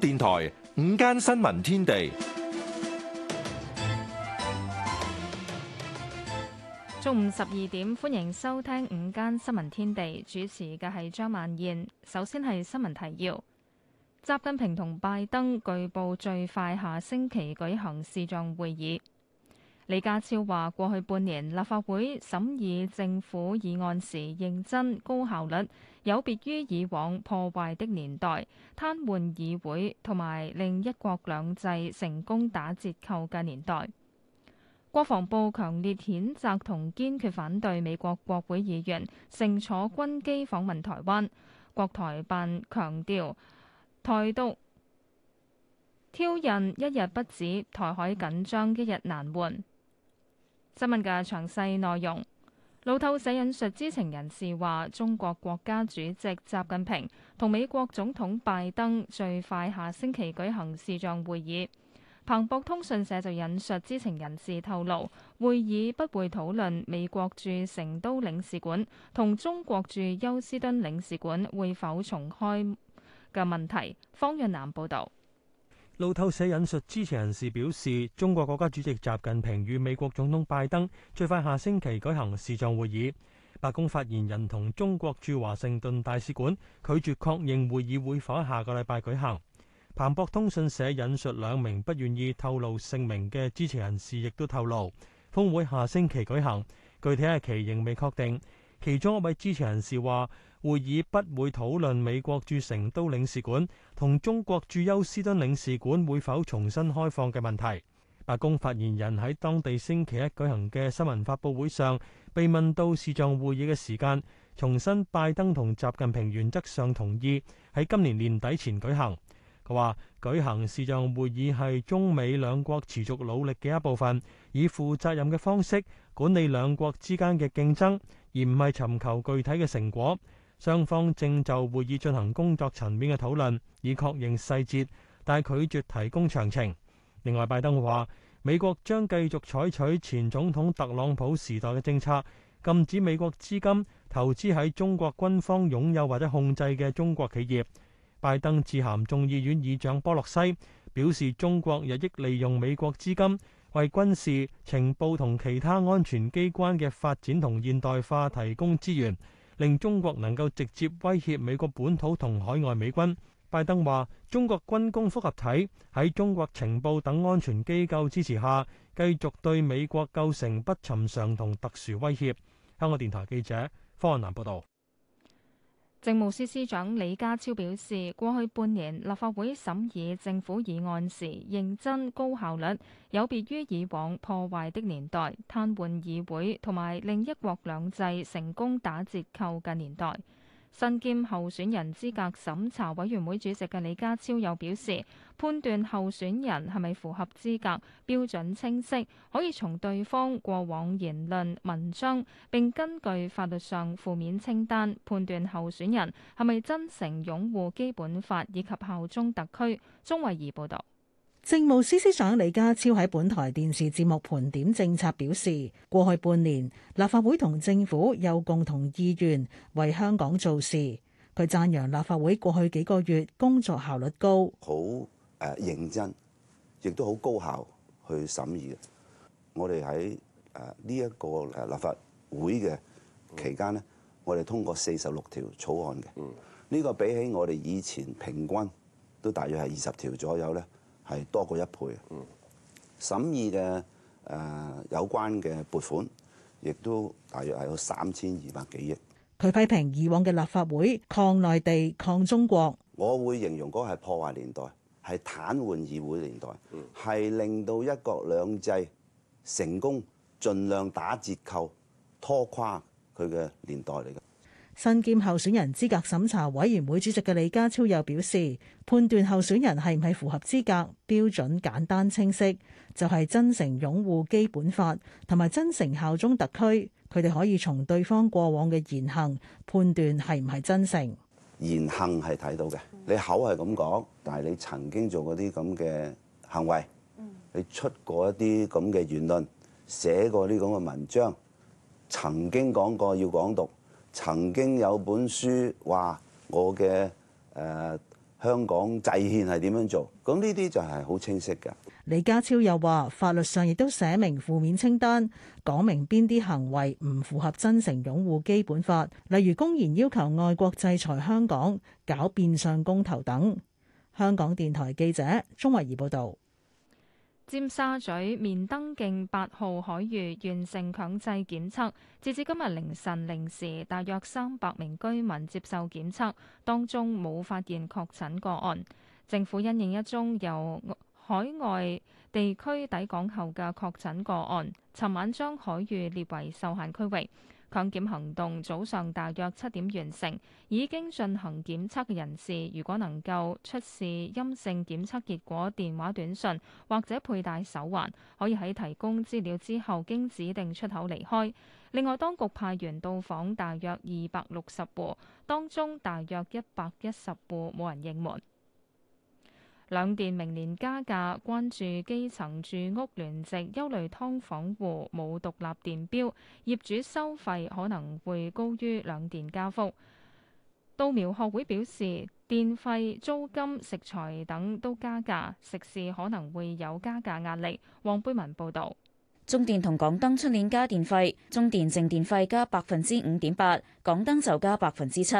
電台午間新聞天地，中午十二點，歡迎收聽午間新聞天地，主持嘅係張曼燕。首先係新聞提要，習近平同拜登據報最快下星期舉行視像會議。李家超話：過去半年，立法會審議政府議案時認真高效率，有別於以往破壞的年代、癱瘓議會同埋令一國兩制成功打折扣嘅年代。國防部強烈譴責同堅決反對美國國會議員乘坐軍機訪問台灣。國台辦強調：台獨挑釁一日不止，台海緊張一日難緩。新聞嘅詳細內容，路透社引述知情人士話，中國國家主席習近平同美國總統拜登最快下星期舉行視像會議。彭博通訊社就引述知情人士透露，會議不會討論美國駐成都領事館同中國駐休斯敦領事館會否重開嘅問題。方潤南報導。路透社引述支持人士表示，中國國家主席習近平與美國總統拜登最快下星期舉行視像會議，白宮發言人同中國駐華盛頓大使館拒絕確認會議會否下個禮拜舉行。彭博通訊社引述兩名不願意透露姓名嘅支持人士，亦都透露，峰會下星期舉行，具體日期仍未確定。其中一位支持人士話。會議不會討論美國駐成都領事館同中國駐休斯敦領事館會否重新開放嘅問題。白宮發言人喺當地星期一舉行嘅新聞發佈會上，被問到視像會議嘅時間，重申拜登同習近平原則上同意喺今年年底前舉行。佢話：舉行視像會議係中美兩國持續努力嘅一部分，以負責任嘅方式管理兩國之間嘅競爭，而唔係尋求具體嘅成果。雙方正就會議進行工作層面嘅討論，以確認細節，但拒絕提供詳情。另外，拜登話美國將繼續採取前總統特朗普時代嘅政策，禁止美國資金投資喺中國軍方擁有或者控制嘅中國企業。拜登致函眾議院議長波洛西，表示中國日益利用美國資金為軍事情報同其他安全機關嘅發展同現代化提供資源。令中國能夠直接威脅美國本土同海外美軍。拜登話：中國軍工複合體喺中國情報等安全機構支持下，繼續對美國構成不尋常同特殊威脅。香港電台記者方雁南報道。政務司司長李家超表示，過去半年立法會審議政府議案時認真、高效率，有別於以往破壞的年代，癱瘓議會同埋令一國兩制成功打折扣嘅年代。身兼候選人資格審查委員會主席嘅李家超又表示，判斷候選人係咪符合資格標準清晰，可以從對方過往言論文章，並根據法律上負面清單判斷候選人係咪真誠擁護基本法以及效忠特區。鍾慧儀報道。政務司司長李家超喺本台電視節目盤點政策，表示，過去半年立法會同政府有共同意願為香港做事。佢讚揚立法會過去幾個月工作效率高，好誒認真，亦都好高效去審議。我哋喺呢一個立法會嘅期間咧，我哋通過四十六條草案嘅，呢個比起我哋以前平均都大約係二十條左右咧。係多過一倍啊！審議嘅誒、呃、有關嘅撥款，亦都大約係有三千二百幾億。佢批評以往嘅立法會抗內地、抗中國，我會形容嗰個係破壞年代，係癱瘓議會年代，係令到一國兩制成功，儘量打折扣拖垮佢嘅年代嚟嘅。身兼候選人資格審查委員會主席嘅李家超又表示，判斷候選人係唔係符合資格標準簡單清晰，就係真誠擁護基本法同埋真誠效忠特區。佢哋可以從對方過往嘅言行判斷係唔係真誠。言行係睇到嘅，你口係咁講，但係你曾經做過啲咁嘅行為，你出過一啲咁嘅言論，寫過呢咁嘅文章，曾經講過要港獨。曾經有本書話我嘅誒、呃、香港制憲係點樣做，咁呢啲就係好清晰㗎。李家超又話，法律上亦都寫明負面清單，講明邊啲行為唔符合真誠擁護基本法，例如公然要求外國制裁香港、搞變相公投等。香港電台記者鍾慧儀報導。尖沙咀綿登徑八號海域完成強制檢測，截至今日凌晨零時，大約三百名居民接受檢測，當中冇發現確診個案。政府因應一宗由海外地區抵港後嘅確診個案，尋晚將海域列為受限區域。強檢行動早上大約七點完成，已經進行檢測嘅人士，如果能夠出示陰性檢測結果、電話短訊，或者佩戴手環，可以喺提供資料之後經指定出口離開。另外，當局派員到訪大約二百六十戶，當中大約一百一十戶冇人應門。兩電明年加價，關注基層住屋聯席，憂慮劏房戶冇獨立電表，業主收費可能會高於兩電加幅。稻苗學會表示，電費、租金、食材等都加價，食肆可能會有加價壓力。黃貝文報導，中電同港燈出年加電費，中電淨電費加百分之五點八，港燈就加百分之七。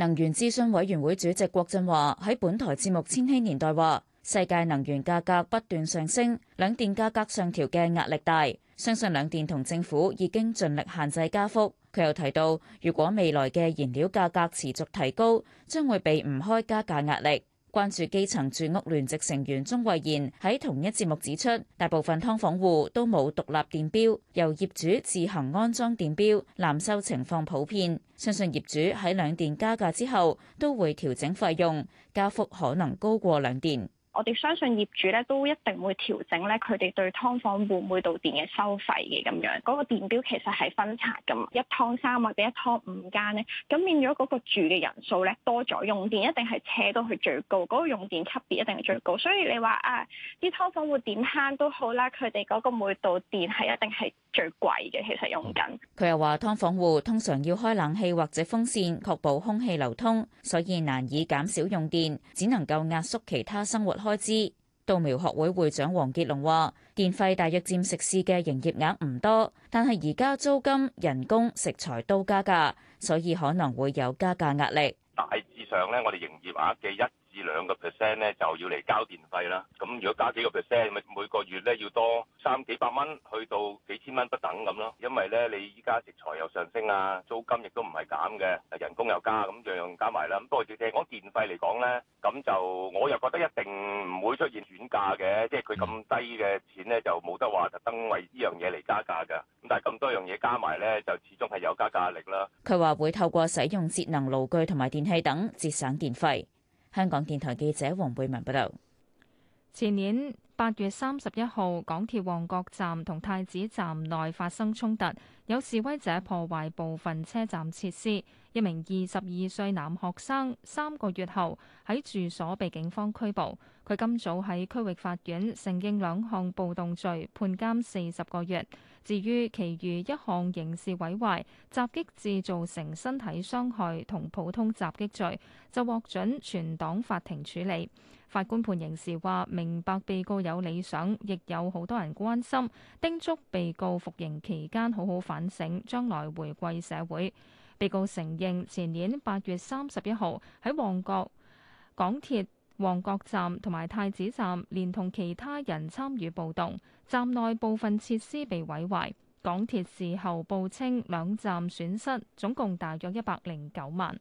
能源諮詢委員會主席郭振華喺本台節目《千禧年代》話，世界能源價格不斷上升，兩電價格上調嘅壓力大，相信兩電同政府已經盡力限制加幅。佢又提到，如果未來嘅燃料價格持續提高，將會避唔開加價壓力。關注基層住屋，屋聯席成員鍾慧賢喺同一節目指出，大部分劏房戶都冇獨立電表，由業主自行安裝電表，濫收情況普遍。相信業主喺兩電加價之後，都會調整費用，加幅可能高過兩電。我哋相信業主咧都一定會調整咧，佢哋對劏房戶每度電嘅收費嘅咁樣，嗰、那個電表其實係分拆嘅，一劏三或者一劏五間咧，咁變咗嗰個住嘅人數咧多咗，用電一定係扯到去最高，嗰、那個用電級別一定係最高，所以你話啊，啲劏房戶點慳都好啦，佢哋嗰個每度電係一定係。最貴嘅其實用緊。佢又話：劏房戶通常要開冷氣或者風扇，確保空氣流通，所以難以減少用電，只能夠壓縮其他生活開支。稻苗學會會長黃傑龍話：電費大約佔食肆嘅營業額唔多，但係而家租金、人工、食材都加價，所以可能會有加價壓力。大致上咧，我哋營業額嘅一至兩個 percent 咧就要嚟交電費啦，咁如果加幾個 percent，咪每個月咧要多三幾百蚊，去到幾千蚊不等咁咯。因為咧你依家食材又上升啊，租金亦都唔係減嘅，人工又加，咁樣樣加埋啦。咁不過只聽講電費嚟講咧，咁就我又覺得一定唔會出現轉價嘅，即係佢咁低嘅錢咧就冇得話特登為呢樣嘢嚟加價㗎。咁但係咁多樣嘢加埋咧，就始終係有加價壓力啦。佢話會透過使用節能爐具同埋電器等節省電費。香港電台記者王貝文報道，前年，八月三十一號，港鐵旺角站同太子站內發生衝突，有示威者破壞部分車站設施。一名二十二歲男學生三個月後喺住所被警方拘捕。佢今早喺區域法院承認兩項暴動罪，判監四十個月。至於其餘一項刑事毀壞、襲擊致造成身體傷害同普通襲擊罪，就獲准存檔法庭處理。法官判刑時話：明白被告有理想，亦有好多人關心，叮囑被告服刑期間好好反省，將來回歸社會。被告承認前年八月三十一號喺旺角港鐵旺角站同埋太子站，連同其他人參與暴動，站內部分設施被毀壞。港鐵事後報稱兩站損失總共大約一百零九萬。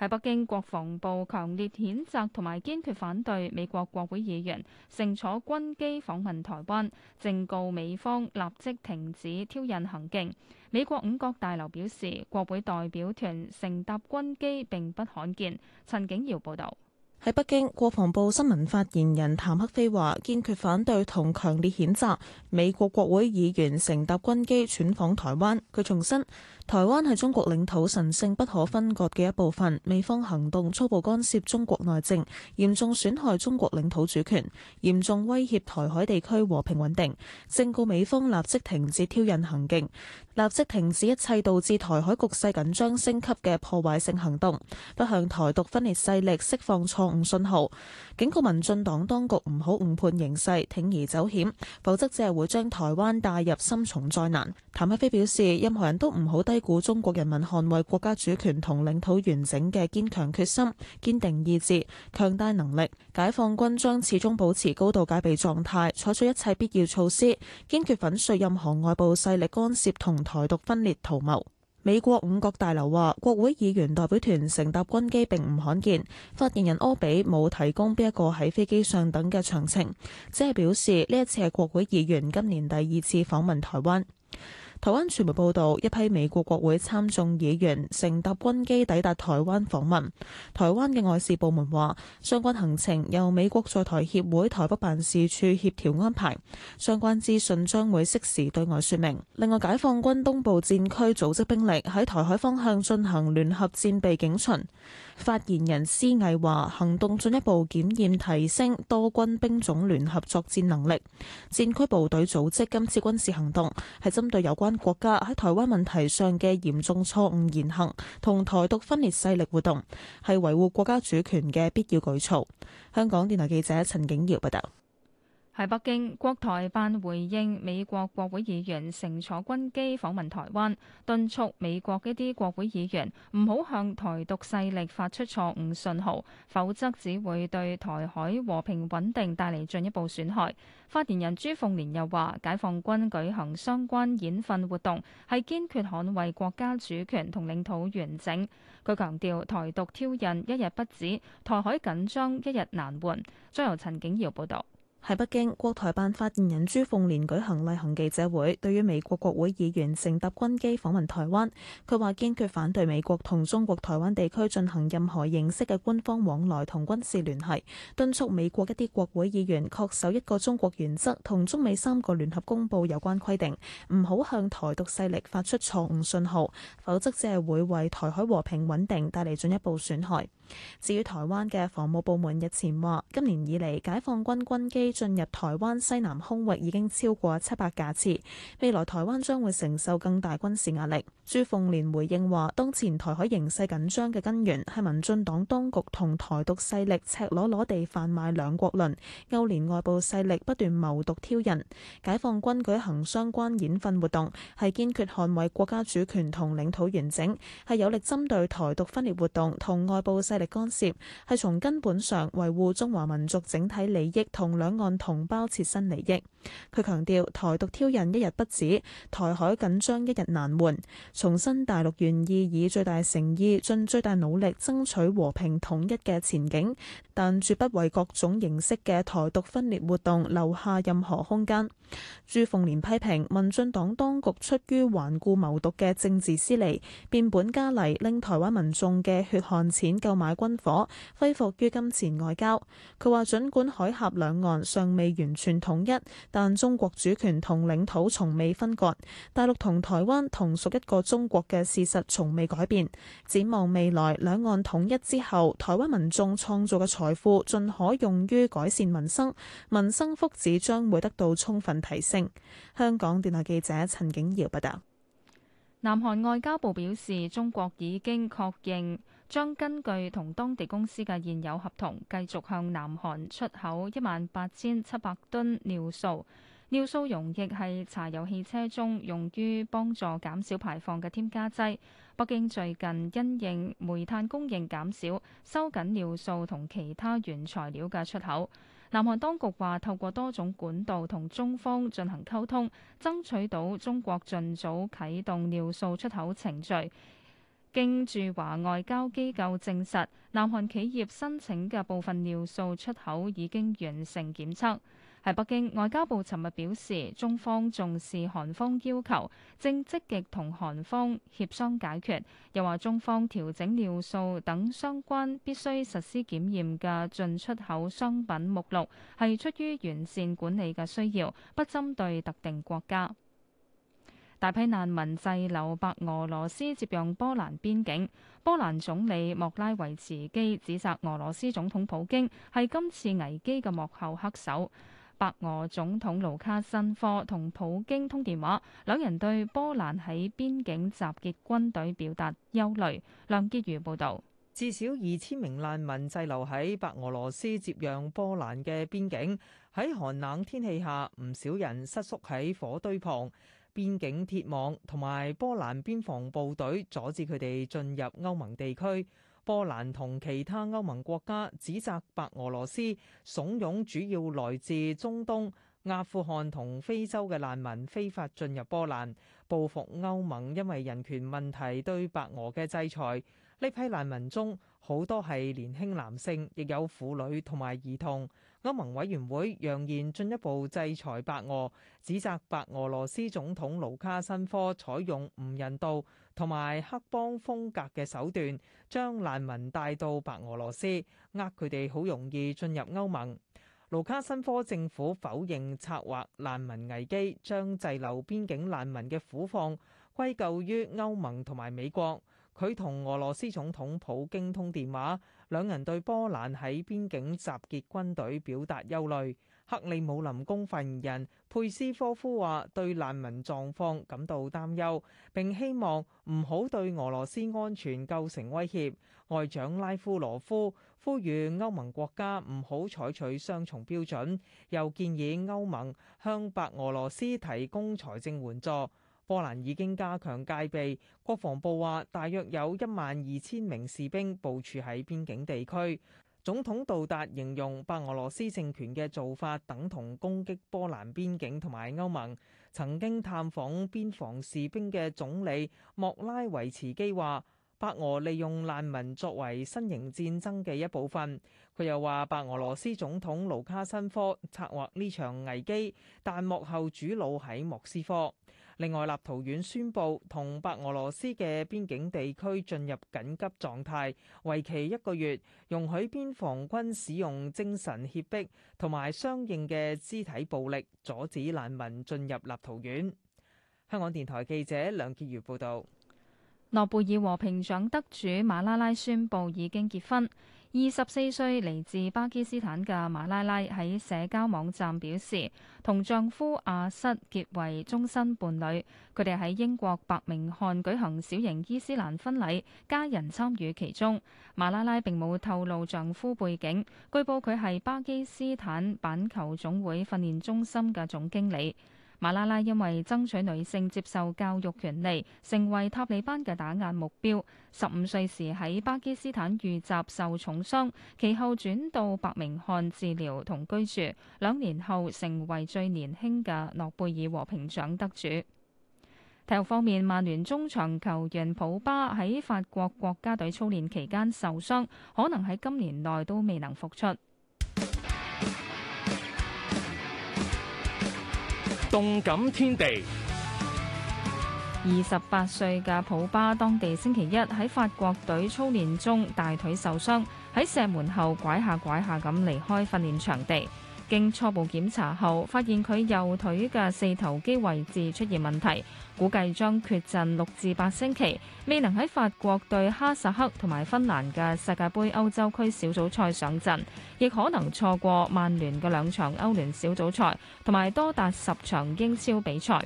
喺北京，國防部強烈譴責同埋堅決反對美國國會議員乘坐軍機訪問台灣，正告美方立即停止挑釁行徑。美國五角大樓表示，國會代表團乘搭軍機並不罕見。陳景堯報道。喺北京，國防部新聞發言人譚克非話：堅決反對同強烈譴責美國國會議員乘搭軍機竄訪台灣。佢重申，台灣係中國領土神聖不可分割嘅一部分，美方行動粗暴干涉中國內政，嚴重損害中國領土主權，嚴重威脅台海地區和平穩定，正告美方立即停止挑釁行徑。立即停止一切導致台海局勢緊張升級嘅破壞性行動，不向台獨分裂勢力釋放錯誤信號。警告民進黨當局唔好誤判形勢，鋌而走險，否則只係會將台灣帶入深重災難。譚克非表示，任何人都唔好低估中國人民捍衛國家主權同領土完整嘅堅強決心、堅定意志、強大能力。解放軍將始終保持高度戒備狀態，採取一切必要措施，堅決粉碎任何外部勢力干涉同台獨分裂圖謀。美國五角大樓話，國會議員代表團乘搭軍機並唔罕見。發言人柯比冇提供邊一個喺飛機上等嘅詳情，只係表示呢一次係國會議員今年第二次訪問台灣。台灣傳媒報道，一批美國國會參眾議員乘搭軍機抵達台灣訪問。台灣嘅外事部門話，相關行程由美國在台協會台北辦事處協調安排，相關資訊將會適時對外說明。另外，解放軍東部戰區組織兵力喺台海方向進行聯合戰備警巡。發言人施毅話：行動進一步檢驗提升多軍兵種聯合作戰能力，戰區部隊組織今次軍事行動係針對有關國家喺台灣問題上嘅嚴重錯誤言行同台獨分裂勢力活動，係維護國家主權嘅必要舉措。香港電台記者陳景瑤報道。喺北京國台辦回應美國國會議員乘坐軍機訪問台灣，敦促美國一啲國會議員唔好向台獨勢力發出錯誤信號，否則只會對台海和平穩定帶嚟進一步損害。發言人朱鳳蓮又話，解放軍舉行相關演訓活動係堅決捍衛國家主權同領土完整。佢強調，台獨挑釁一日不止，台海緊張一日難緩。將由陳景堯報道。喺北京，國台辦發言人朱鳳蓮舉行例行記者會，對於美國國會議員乘搭軍機訪問台灣，佢話堅決反對美國同中國台灣地區進行任何形式嘅官方往來同軍事聯繫，敦促美國一啲國會議員恪守一個中國原則同中美三個聯合公報有關規定，唔好向台獨勢力發出錯誤信號，否則只係會為台海和平穩定帶嚟進一步損害。至於台灣嘅防務部門日前話，今年以嚟解放軍軍機進入台灣西南空域已經超過七百架次，未來台灣將會承受更大軍事壓力。朱鳳蓮回應話，當前台海形勢緊張嘅根源係民進黨當局同台獨勢力赤裸裸地販賣兩國論，勾連外部勢力不斷謀獨挑釁。解放軍舉行相關演訓活動，係堅決捍衛國家主權同領土完整，係有力針對台獨分裂活動同外部勢力干涉，係從根本上維護中華民族整體利益同兩按同胞切身利益，佢強調台獨挑釁一日不止，台海緊張一日難緩。重申大陸願意以最大誠意、盡最大努力爭取和平統一嘅前景，但絕不為各種形式嘅台獨分裂活動留下任何空間。朱鳳蓮批評民進黨當局出於頑固謀獨嘅政治私利，變本加厲，拎台灣民眾嘅血汗錢購買軍火，揮霍於金錢外交。佢話：儘管海峽兩岸，尚未完全統一，但中國主權同領土從未分割，大陸同台灣同屬一個中國嘅事實從未改變。展望未來，兩岸統一之後，台灣民眾創造嘅財富盡可用於改善民生，民生福祉將會得到充分提升。香港電台記者陳景堯報道。南韓外交部表示，中國已經確認，將根據同當地公司嘅現有合同，繼續向南韓出口一萬八千七百噸尿素。尿素溶液係柴油汽車中用於幫助減少排放嘅添加劑。北京最近因應煤炭供應減少，收緊尿素同其他原材料嘅出口。南韓當局話透過多種管道同中方進行溝通，爭取到中國盡早啟動尿素出口程序。經駐華外交機構證實，南韓企業申請嘅部分尿素出口已經完成檢測。喺北京，外交部尋日表示，中方重視韓方要求，正積極同韓方協商解決。又話中方調整尿素等相關必須實施檢驗嘅進出口商品目錄，係出於完善管理嘅需要，不針對特定國家。大批難民滯留白俄羅斯接壤波蘭邊境，波蘭總理莫拉維茨基指責俄羅斯總統普京係今次危機嘅幕後黑手。白俄總統盧卡申科同普京通電話，兩人對波蘭喺邊境集結軍隊表達憂慮。梁傑如報導，至少二千名難民滯留喺白俄羅斯接壤波蘭嘅邊境，喺寒冷天氣下，唔少人瑟縮喺火堆旁。邊境鐵網同埋波蘭邊防部隊阻止佢哋進入歐盟地區。波蘭同其他歐盟國家指責白俄羅斯，慫恿主要來自中東、阿富汗同非洲嘅難民非法進入波蘭，報復歐盟因為人權問題對白俄嘅制裁。呢批難民中，好多係年輕男性，亦有婦女同埋兒童。歐盟委員會揚言進一步制裁白俄，指責白俄羅斯總統盧卡申科採用唔人道同埋黑幫風格嘅手段，將難民帶到白俄羅斯，呃佢哋好容易進入歐盟。盧卡申科政府否認策劃難民危機，將滯留邊境難民嘅苦況歸咎於歐盟同埋美國。佢同俄羅斯總統普京通電話，兩人對波蘭喺邊境集結軍隊表達憂慮。克里姆林宮發言人佩斯科夫話：對難民狀況感到擔憂，並希望唔好對俄羅斯安全構成威脅。外長拉夫羅夫呼籲歐盟國家唔好採取雙重標準，又建議歐盟向白俄羅斯提供財政援助。波蘭已經加強戒備，國防部話大約有一萬二千名士兵部署喺邊境地區。總統杜達形容白俄羅斯政權嘅做法等同攻擊波蘭邊境同埋歐盟。曾經探訪邊防士兵嘅總理莫拉維茨基話：白俄利用難民作為新型戰爭嘅一部分。佢又話：白俄羅斯總統盧卡申科策劃呢場危機，但幕後主腦喺莫斯科。另外，立陶宛宣布同白俄羅斯嘅邊境地區進入緊急狀態，為期一個月，容許邊防軍使用精神脅迫同埋相應嘅肢體暴力，阻止難民進入立陶宛。香港電台記者梁潔如報道。諾貝爾和平獎得主馬拉拉宣布已經結婚。二十四歲嚟自巴基斯坦嘅馬拉拉喺社交網站表示，同丈夫阿瑟結為終身伴侶。佢哋喺英國伯明翰舉行小型伊斯蘭婚禮，家人參與其中。馬拉拉並冇透露丈夫背景，據報佢係巴基斯坦板球總會訓練中心嘅總經理。馬拉拉因為爭取女性接受教育權利，成為塔利班嘅打壓目標。十五歲時喺巴基斯坦遇襲受重傷，其後轉到伯明翰治療同居住。兩年後成為最年輕嘅諾貝爾和平獎得主。體育方面，曼聯中場球員普巴喺法國國家隊操練期間受傷，可能喺今年內都未能復出。動感天地。二十八歲嘅普巴當地星期一喺法國隊操練中大腿受傷，喺射門後拐下拐下咁離開訓練場地。經初步檢查後，發現佢右腿嘅四頭肌位置出現問題，估計將缺陣六至八星期，未能喺法國對哈薩克同埋芬蘭嘅世界盃歐洲區小組賽上陣，亦可能錯過曼聯嘅兩場歐聯小組賽，同埋多達十場英超比賽。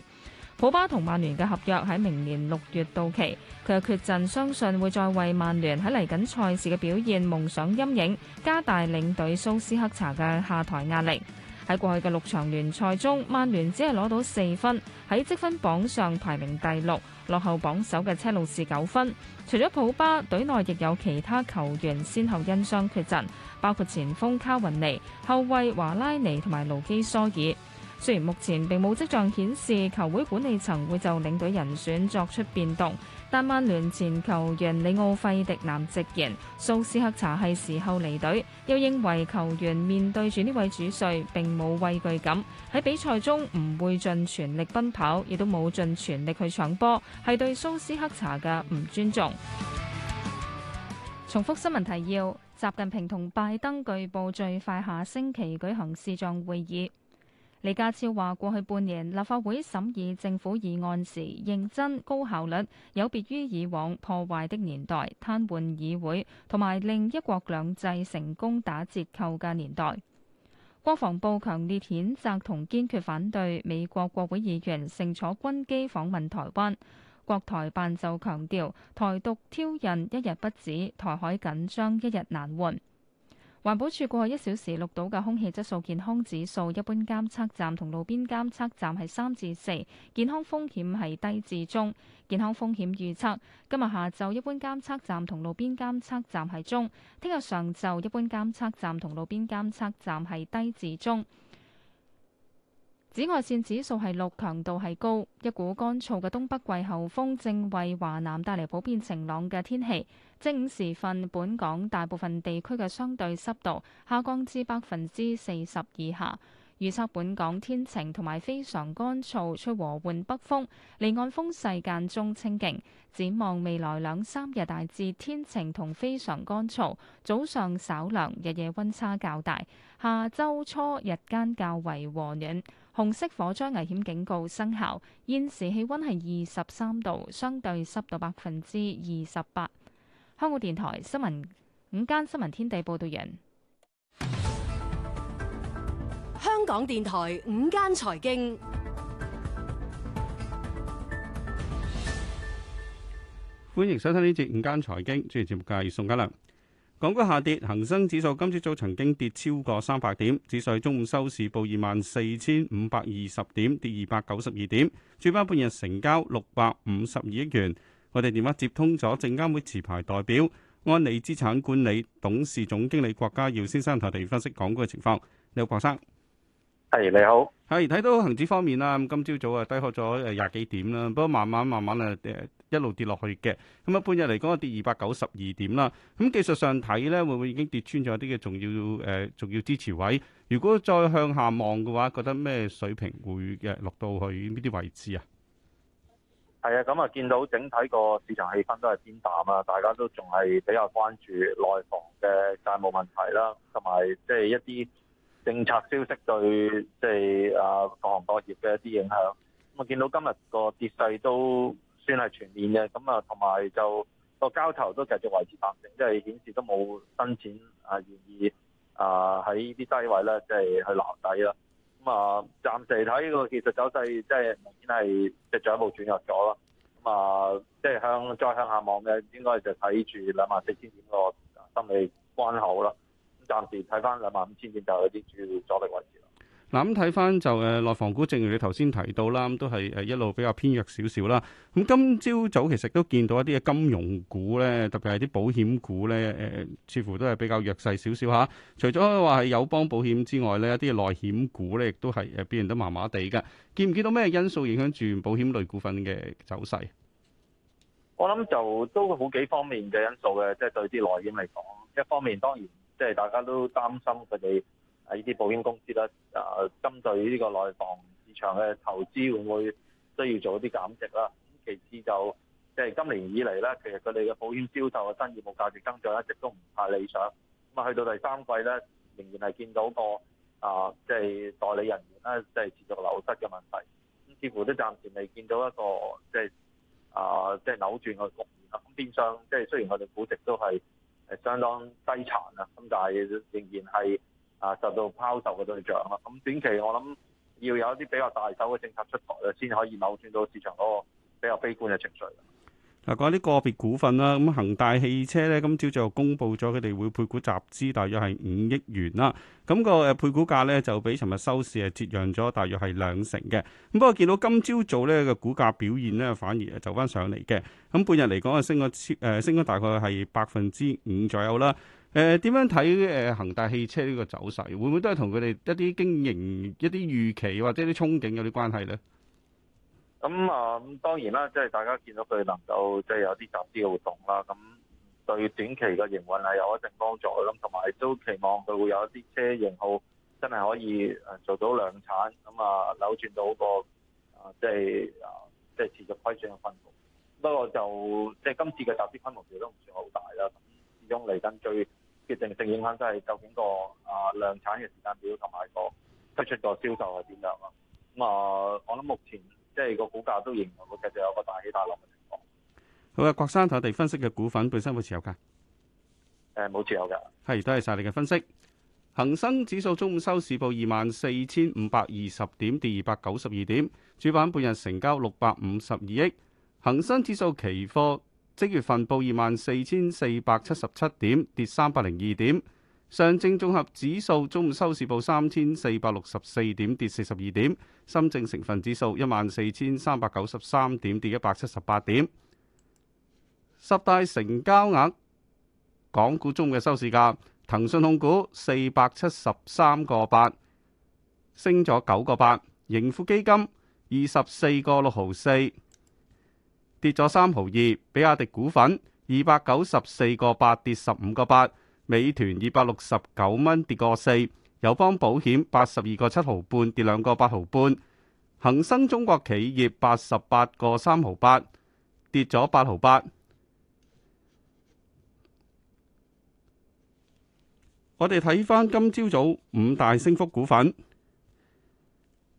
普巴同曼聯嘅合約喺明年六月到期，佢嘅缺陣，相信會再為曼聯喺嚟緊賽事嘅表現蒙上陰影，加大領隊蘇斯克查嘅下台壓力。喺過去嘅六場聯賽中，曼聯只係攞到四分，喺積分榜上排名第六，落後榜首嘅車路士九分。除咗普巴，隊內亦有其他球員先後因傷缺陣，包括前鋒卡雲尼、後衛華拉尼同埋盧基蘇爾。雖然目前並冇跡象顯示球會管理層會就領隊人選作出變動，但曼聯前球員里奧費迪南直言，蘇斯克查係時候離隊。又認為球員面對住呢位主帥並冇畏懼感，喺比賽中唔會盡全力奔跑，亦都冇盡全力去搶波，係對蘇斯克查嘅唔尊重。重複新聞提要：習近平同拜登據報最快下星期舉行視像會議。李家超話：過去半年，立法會審議政府議案時，認真高效率，有別於以往破壞的年代、癱瘓議會同埋令一國兩制成功打折扣嘅年代。國防部強烈譴責同堅決反對美國國會議員乘坐軍機訪問台灣。國台辦就強調：台獨挑釁一日不止，台海緊張一日難緩。環保署過去一小時錄到嘅空氣質素健康指數，一般監測站同路邊監測站係三至四，健康風險係低至中。健康風險預測，今日下晝一般監測站同路邊監測站係中，聽日上晝一般監測站同路邊監測站係低至中。紫外線指數係六，強度係高。一股乾燥嘅東北季候風正為華南帶嚟普遍晴朗嘅天氣。正午時分，本港大部分地區嘅相對濕度下降至百分之四十以下。預測本港天晴同埋非常乾燥，吹和緩北風，離岸風勢間中清勁。展望未來兩三日大致天晴同非常乾燥，早上稍涼，日夜温差較大。下周初日間較為和暖。紅色火災危險警告生效。現時氣温係二十三度，相對濕度百分之二十八。香港電台新聞午間新聞天地報道人。香港電台午間財經，歡迎收聽呢節午間財經。主持節目嘅係宋嘉良。港股下跌，恒生指數今朝早曾經跌超過三百點。指數喺中午收市報二萬四千五百二十點，跌二百九十二點。主板半日成交六百五十二億元。我哋電話接通咗證監會持牌代表安利資產管理董事總經理郭家耀先生，同我哋分析港股嘅情況。你好，郭生。係你好。係睇到恒指方面啦，咁今朝早啊低開咗廿幾點啦，不過慢慢慢慢啊誒。慢慢呃一路跌落去嘅，咁啊半日嚟講，跌二百九十二點啦。咁技術上睇咧，會唔會已經跌穿咗一啲嘅重要誒、呃、重要支持位？如果再向下望嘅話，覺得咩水平會嘅落到去呢啲位置啊？係啊，咁啊，見到整體個市場氣氛都係偏淡啊，大家都仲係比較關注內房嘅債務問題啦，同埋即係一啲政策消息對即係、就是、啊各行各業嘅一啲影響。咁啊，見到今日個跌勢都。算係全面嘅，咁啊，同埋就個交投都繼續維持淡靜，即係顯示都冇新錢啊願意啊喺呢啲低位咧，即、就、係、是、去撈底咯。咁啊，暫時睇呢個技術走勢，即係明顯係即係進一步轉弱咗啦。咁啊，即係向再向下望嘅，應該就睇住兩萬四千點個心理關口啦。咁、啊、暫時睇翻兩萬五千點就有啲主要阻力位置咯。咁睇翻就誒內房股，正如你頭先提到啦，咁都係誒一路比較偏弱少少啦。咁今朝早，早其實都見到一啲嘅金融股咧，特別係啲保險股咧，誒、呃、似乎都係比較弱勢少少嚇。除咗話係友邦保險之外咧，一啲內險股咧亦都係誒表現得麻麻地嘅。見唔見到咩因素影響住保險類股份嘅走勢？我諗就都好幾方面嘅因素嘅，即、就、係、是、對啲內險嚟講，一方面當然即係、就是、大家都擔心佢哋。呢啲保險公司啦，啊針對呢個內房市場嘅投資會唔會需要做一啲減值啦？其次就即係、就是、今年以嚟咧，其實佢哋嘅保險銷售嘅新業務價值增長一直都唔太理想。咁啊，去到第三季咧，仍然係見到個啊，即、就、係、是、代理人員咧，即、就、係、是、持續流失嘅問題。咁似乎都暫時未見到一個即係、就是、啊，即、就、係、是、扭轉個局面。咁變相，即、就、係、是、雖然我哋估值都係係相當低殘啦，咁但係仍然係。啊，受到拋售嘅對象啦，咁短期我諗要有一啲比較大手嘅政策出台，咧先可以扭轉到市場嗰個比較悲觀嘅情緒。嗱、啊，講下啲個別股份啦，咁恒大汽車咧，今朝早公布咗佢哋會配股集資，大約係五億元啦。咁、個誒配股價咧，就比尋日收市係折讓咗大約係兩成嘅。咁不過見到今朝早咧個股價表現咧，反而就翻上嚟嘅。咁半日嚟講啊，升咗千、呃、升咗大概係百分之五左右啦。誒，點、呃、樣睇誒恒大汽車呢個走勢？會唔會都係同佢哋一啲經營、一啲預期或者啲憧憬有啲關係咧？咁啊、嗯、咁、嗯、當然啦，即係大家見到佢能夠即係有啲集資嘅活動啦，咁對短期嘅營運係有一定幫助咁，同埋都期望佢會有一啲車型號真係可以誒做到量產，咁、嗯、啊扭轉到個啊即係即係持續虧損嘅規模。不過就即係今次嘅集資規模亦都唔算好大啦，始終嚟緊最。決定性影響都係究竟個啊量產嘅時間表同埋個推出個銷售係點樣咯。咁啊，我諗目前即係、就是、個股價都仍然會繼續有個大起大落嘅情況。好啊，郭生同我哋分析嘅股份，本身有冇持有噶？誒，冇持有嘅。係，多謝晒你嘅分析。恒生指數中午收市報二萬四千五百二十點，跌二百九十二點。主板半日成交六百五十二億。恒生指數期貨。即月份報二萬四千四百七十七點，跌三百零二點。上證綜合指數中午收市報三千四百六十四點，跌四十二點。深證成分指數一萬四千三百九十三點，跌一百七十八點。十大成交額港股中嘅收市價，騰訊控股四百七十三個八，升咗九個八。盈富基金二十四個六毫四。跌咗三毫二，比亞迪股份二百九十四個八跌十五個八，美團二百六十九蚊跌個四，友邦保險八十二個七毫半跌兩個八毫半，恒生中國企業八十八個三毫八跌咗八毫八。我哋睇翻今朝早，早五大升幅股份，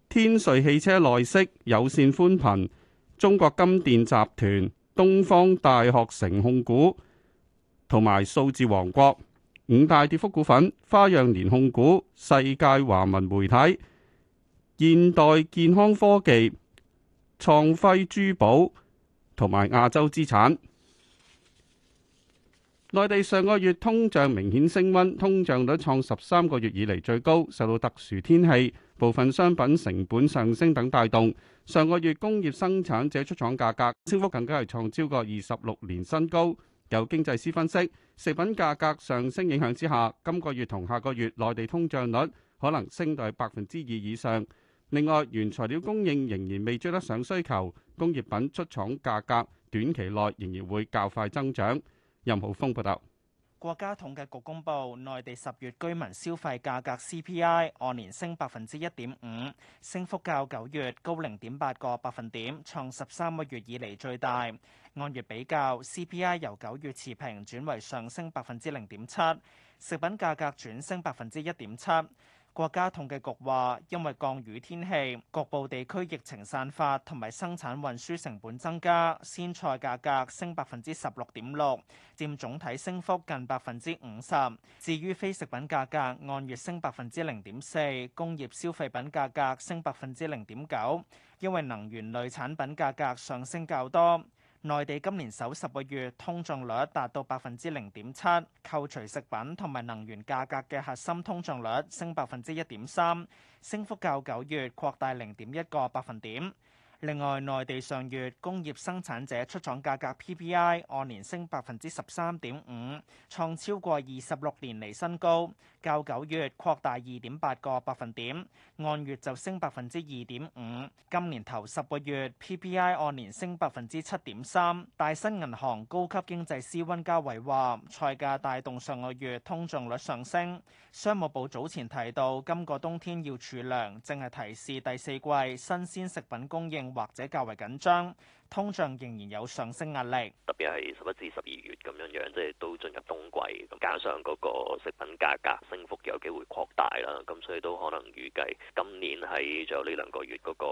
天瑞汽車內飾、有線寬頻。中國金電集團、東方大學城控股、同埋數字王國。五大跌幅股份：花樣年控股、世界華文媒體、現代健康科技、創輝珠寶同埋亞洲資產。內地上個月通脹明顯升溫，通脹率創十三個月以嚟最高，受到特殊天氣、部分商品成本上升等帶動。上個月工業生產者出廠價格升幅更加係創超過二十六年新高。有經濟師分析，食品價格上升影響之下，今個月同下個月內地通脹率可能升到喺百分之二以上。另外，原材料供應仍然未追得上需求，工業品出廠價格短期內仍然會較快增長。任浩峰報道，國家統計局公布內地十月居民消費價格 CPI 按年升百分之一點五，升幅較九月高零點八個百分點，創十三個月以嚟最大。按月比較，CPI 由九月持平轉為上升百分之零點七，食品價格轉升百分之一點七。國家統計局話，因為降雨天氣，局部地區疫情散發同埋生產運輸成本增加，鮮菜價格升百分之十六點六，佔總體升幅近百分之五十。至於非食品價格，按月升百分之零點四，工業消費品價格升百分之零點九，因為能源類產品價格上升較多。內地今年首十個月通脹率達到百分之零點七，扣除食品同埋能源價格嘅核心通脹率升百分之一點三，升幅較九月擴大零點一個百分點。另外，內地上月工業生產者出廠價格 PPI 按年升百分之十三點五，創超過二十六年嚟新高，較九月擴大二點八個百分點，按月就升百分之二點五。今年頭十個月 PPI 按年升百分之七點三。大新銀行高級經濟師温家偉話：菜價帶動上個月通脹率上升。商務部早前提到，今個冬天要儲糧，正係提示第四季新鮮食品供應。或者較為緊張。通脹仍然有上升壓力，特別係十一至十二月咁樣樣，即係都進入冬季，加上嗰個食品價格升幅有機會擴大啦，咁所以都可能預計今年喺最後呢兩個月嗰個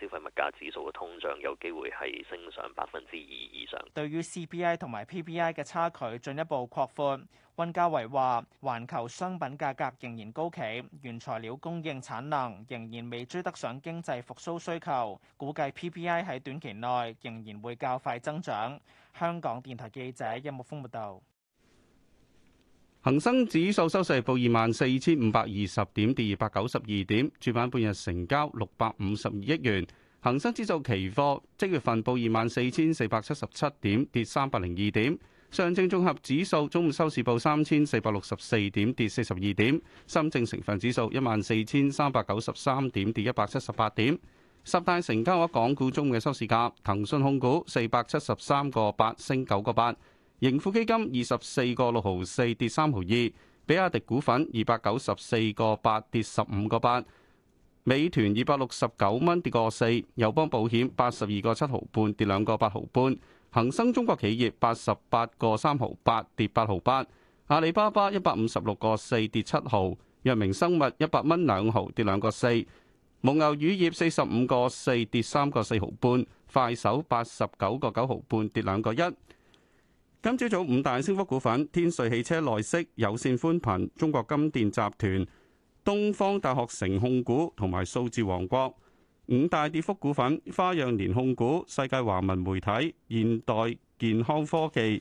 誒消費物價指數嘅通脹有機會係升上百分之二以上。對於 CPI 同埋 PPI 嘅差距進一步擴闊，溫家維話，環球商品價格仍然高企，原材料供應產能仍然未追得上經濟復甦需求，估計 PPI 喺短期內。仍然會較快增長。香港電台記者殷木豐報道。恒生指數收市報二萬四千五百二十點，跌二百九十二點。主板半日成交六百五十二億元。恒生指數期貨即月份報二萬四千四百七十七點，跌三百零二點。上證綜合指數中午收市報三千四百六十四點，跌四十二點。深證成分指數一萬四千三百九十三點，跌一百七十八點。十大成交額港股中午嘅收市價，騰訊控股四百七十三個八升九個八，盈富基金二十四個六毫四跌三毫二，比亞迪股份二百九十四個八跌十五個八，美團二百六十九蚊跌個四，友邦保險八十二個七毫半跌兩個八毫半，恒生中國企業八十八個三毫八跌八毫八，阿里巴巴一百五十六個四跌七毫，藥明生物一百蚊兩毫跌兩個四。蒙牛乳業四十五個四跌三個四毫半，快手八十九個九毫半跌兩個一。今朝早五大升幅股份：天瑞汽車內飾、有線寬頻、中國金電集團、東方大學城控股同埋數字王國。五大跌幅股份：花樣年控股、世界華文媒體、現代健康科技、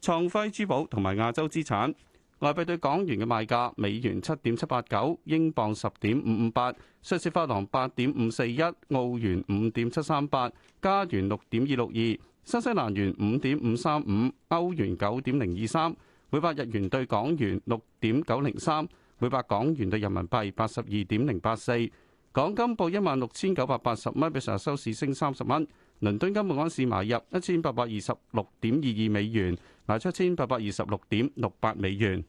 創輝珠寶同埋亞洲資產。外幣兌港元嘅賣價：美元七點七八九，英鎊十點五五八，瑞士法郎八點五四一，澳元五點七三八，加元六點二六二，新西蘭元五點五三五，歐元九點零二三，每百日元兌港元六點九零三，每百港元兌人民幣八十二點零八四。港金報一萬六千九百八十蚊，比上日收市升三十蚊。倫敦金每安士買入一千八百二十六點二二美元，賣出一千八百二十六點六八美元。